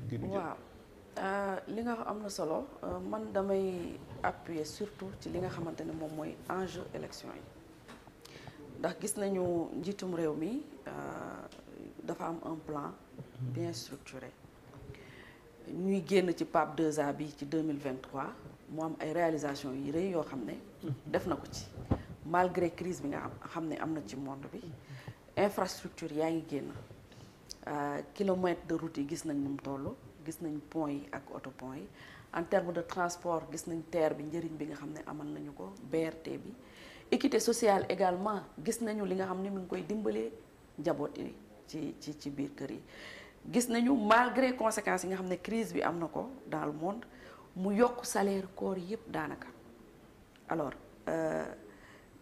waaw euh, li nga am na solo euh, man damay appuyer surtout ci li nga xamante ne moom mooy enjeu élection yi ndax gis nañu njiitum réew mi euh, dafa am un plan bien structuré ñuy génn ci PAP 2A bi ci 2023 mu am ay réalisation yi rëy yoo xam ne def na ko ci malgré crise bi nga xam ne am na ci monde bi infrastructure yaa ngi génn Euh, kilomètre de route yi gis nañ nu mu toll gis nañ pont yi ak auto pont yi en terme de transport gis nañ TER bi njëriñ bi nga xam ne amal nañu ko BRT bi équité sociale également gis nañu li nga xam ne mi ngi koy dimbalee njaboot yi ci ci ci biir kër yi gis nañu malgré conséquences yi nga xam ne crise bi am na ko dans le monde mu yokk salaire koor yépp daanaka alors euh,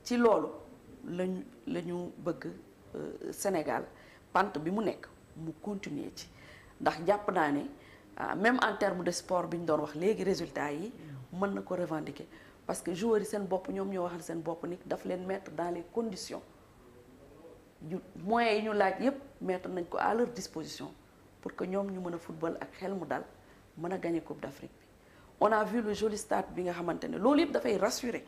ci loolu lañ la ñu bëgg euh, Sénégal pante bi mu nek mu continuer ci ndax japp na ne ah, même en terme de sport bi doon wax léegi résultat yi mën nako revendiquer parce que joueurs yi seen bopp ñoom ñoo waxal sen bop ni daf leen mettre dans les conditions ñu moyens yi ñu laaj yépp mettre nañ ko à leur disposition pour que ñom ñu mëna football ak xel mu dal mëna gagner Coupe d'Afrique bi on a vu le joli stade bi nga xamantene ne yépp da fay rassurer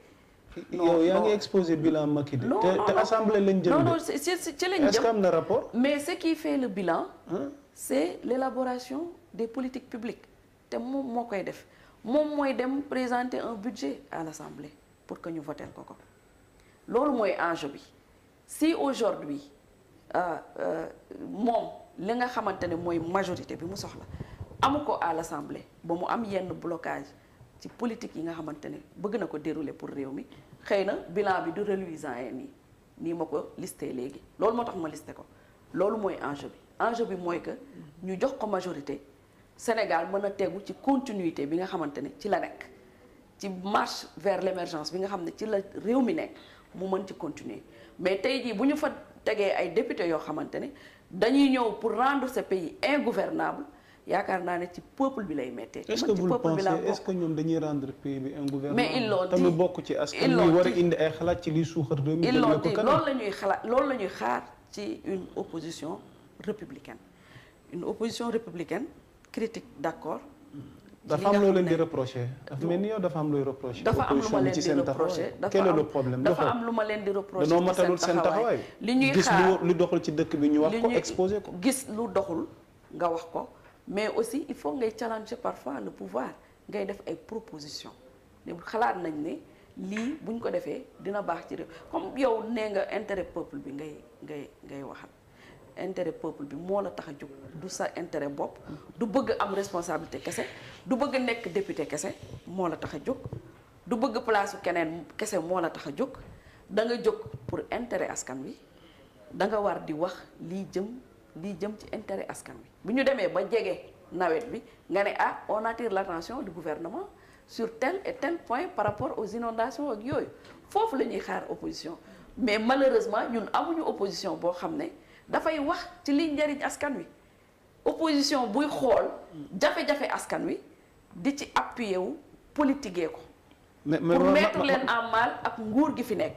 non y a une exposé bilan Macky de. te non, assemblée lañ non non est-ce rapport. mais ce qui fait le bilan. Hein? c'est l'élaboration des politiques publiques C'est ce que je def moom mooy dem présenter un budget à l'assemblée pour que nous votions. C'est ce que je enjeu si aujourd'hui ce euh, que euh, nga xamante c'est majorité bi mu soxla amu à l'assemblée ba mu am yenn blocage ci politique yi nga xamante bëgg na ko dérouler pour réew mi xeyna bilan bi du reluisant ni ni mako ko listé légui lool motax ma listé ko lool moy enjeu bi enjeu bi moy que ñu jox ko majorité Sénégal mëna téggu ci continuité bi nga xamante ci la nek ci marche vers l'émergence bi nga xam ci la réew mi nek mu mën ci continuer mais tay jii buñu fa tegee ay député yo xamante dañuy ñëw pour rendre ce pays ingouvernable yaakaar naa ne ci peuple bi lay méttee. est-ce que vous le pensez est-ce que ñom dañuy rendre pays bi un gouvernement. mais ils l'ont dit tamit ci askan wi war indi ay xalaat ci liy suuxat réew mi. ils l'ont lool loolu la ñuy xalaat lool la ñuy xaar ci une opposition républicaine une opposition républicaine critique d'accord. dafa am loo leen di reprocher dafa mel ni yow dafa am looy reprocher dafa am lu ma leen di reprocher quel est le problème dafa am lu ma leen di reprocher danoo matalul seen taxawaay li ñuy xaar gis lu doxul ci dëkk bi ñu wax ko exposé ko gis lu doxul nga wax ko mais aussi il faut challenger parfois le pouvoir ngay def ay propositions mais xalaat nañ né li buñ ko défé dina ci comme yow né nga intérêt peuple bi ngay ngay ngay waxal intérêt peuple bi mo la Ce du sa intérêt bop du bëgg am responsabilité kessé du bëgg nekk député kessé mo la du bëgg place kenen kessé mo la da nga pour intérêt askan da nga war di wax jëm lii jëm ci intérêt askan wi bu ñu demee ba djégé nawet bi nga ne ah on attire l'attention du gouvernement sur tel et tel point par rapport aux inondations ak yooyu foofu la xaar opposition mais malheureusement ñun amuñu opposition bo xamné da fay wax ci li njëriñ askan wi opposition buy xol jafe-jafe askan wi di ci appuyer wu politiquer ko pour mettre len en mal ak nguur gi fi nek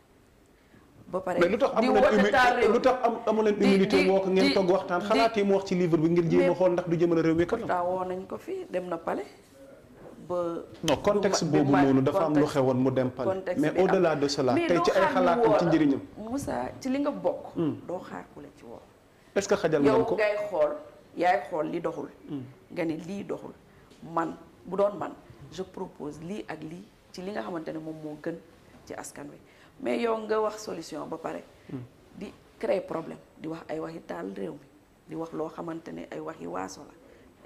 ba pare di lu tax amu leen immunité woo ko ngeen togg waxtaan xalaat yi mu wax ci livre bi ngir jéem a xool ndax du jëmale réew mi kanam. pourtant woo nañ ko fii dem na pale ba. non contexte boobu noonu dafa am lu xewoon mu dem pale. mais au delà de cela tey ci ay xalaatam ci njëriñam. Moussa ci li nga bokk. Hmm. doo xaar ku la ci woo. est ce que xajal ngeen ko yow ngay xool yaay xool li doxul. Hmm. nga ne lii doxul man bu doon man je propose lii ak lii ci li nga xamante ne moom moo gën ci askan wi. mais yow nga wax solution ba paré hmm. di créer problème di wax ay waxi taal réew mi di wax lo xamantene ne ay waxi waso la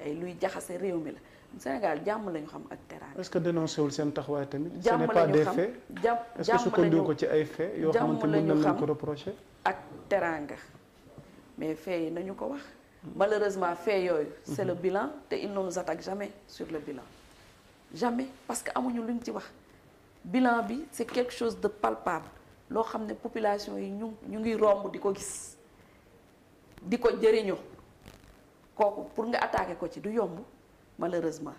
ay luy jaxasse réew mi la Sénégal jamm lañu xam ak teraanga. est-ce que dénoncé wul seen taxawaay tamit. ce n'est pas des faits. jàmm jàmm est-ce que su ko ko ci ay faits. yo xamantene ne mën nañu ko reprocher ak teraanga mais faits yi nañu ko wax. malheureusement faits yooyu. c'est hmm. le bilan te il ne nous attaque jamais sur le bilan. jamais parce que amuñu luñ ci wax bilan c'est quelque chose de palpable lo xamné population yi ñu ñu ngi romb diko gis diko jëriñu pour nga attaquer ko ci du malheureusement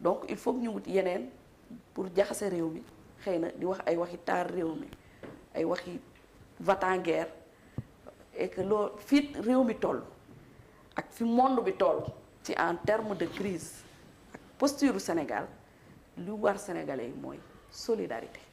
donc il faut ñu wut pour jaxassé réew mi di wax ay waxi tar réew ay waxi vatan en guerre et que lo toll ak fi monde bi toll ci en termes de crise ak posture Sénégal lu war sénégalais moy solidarity.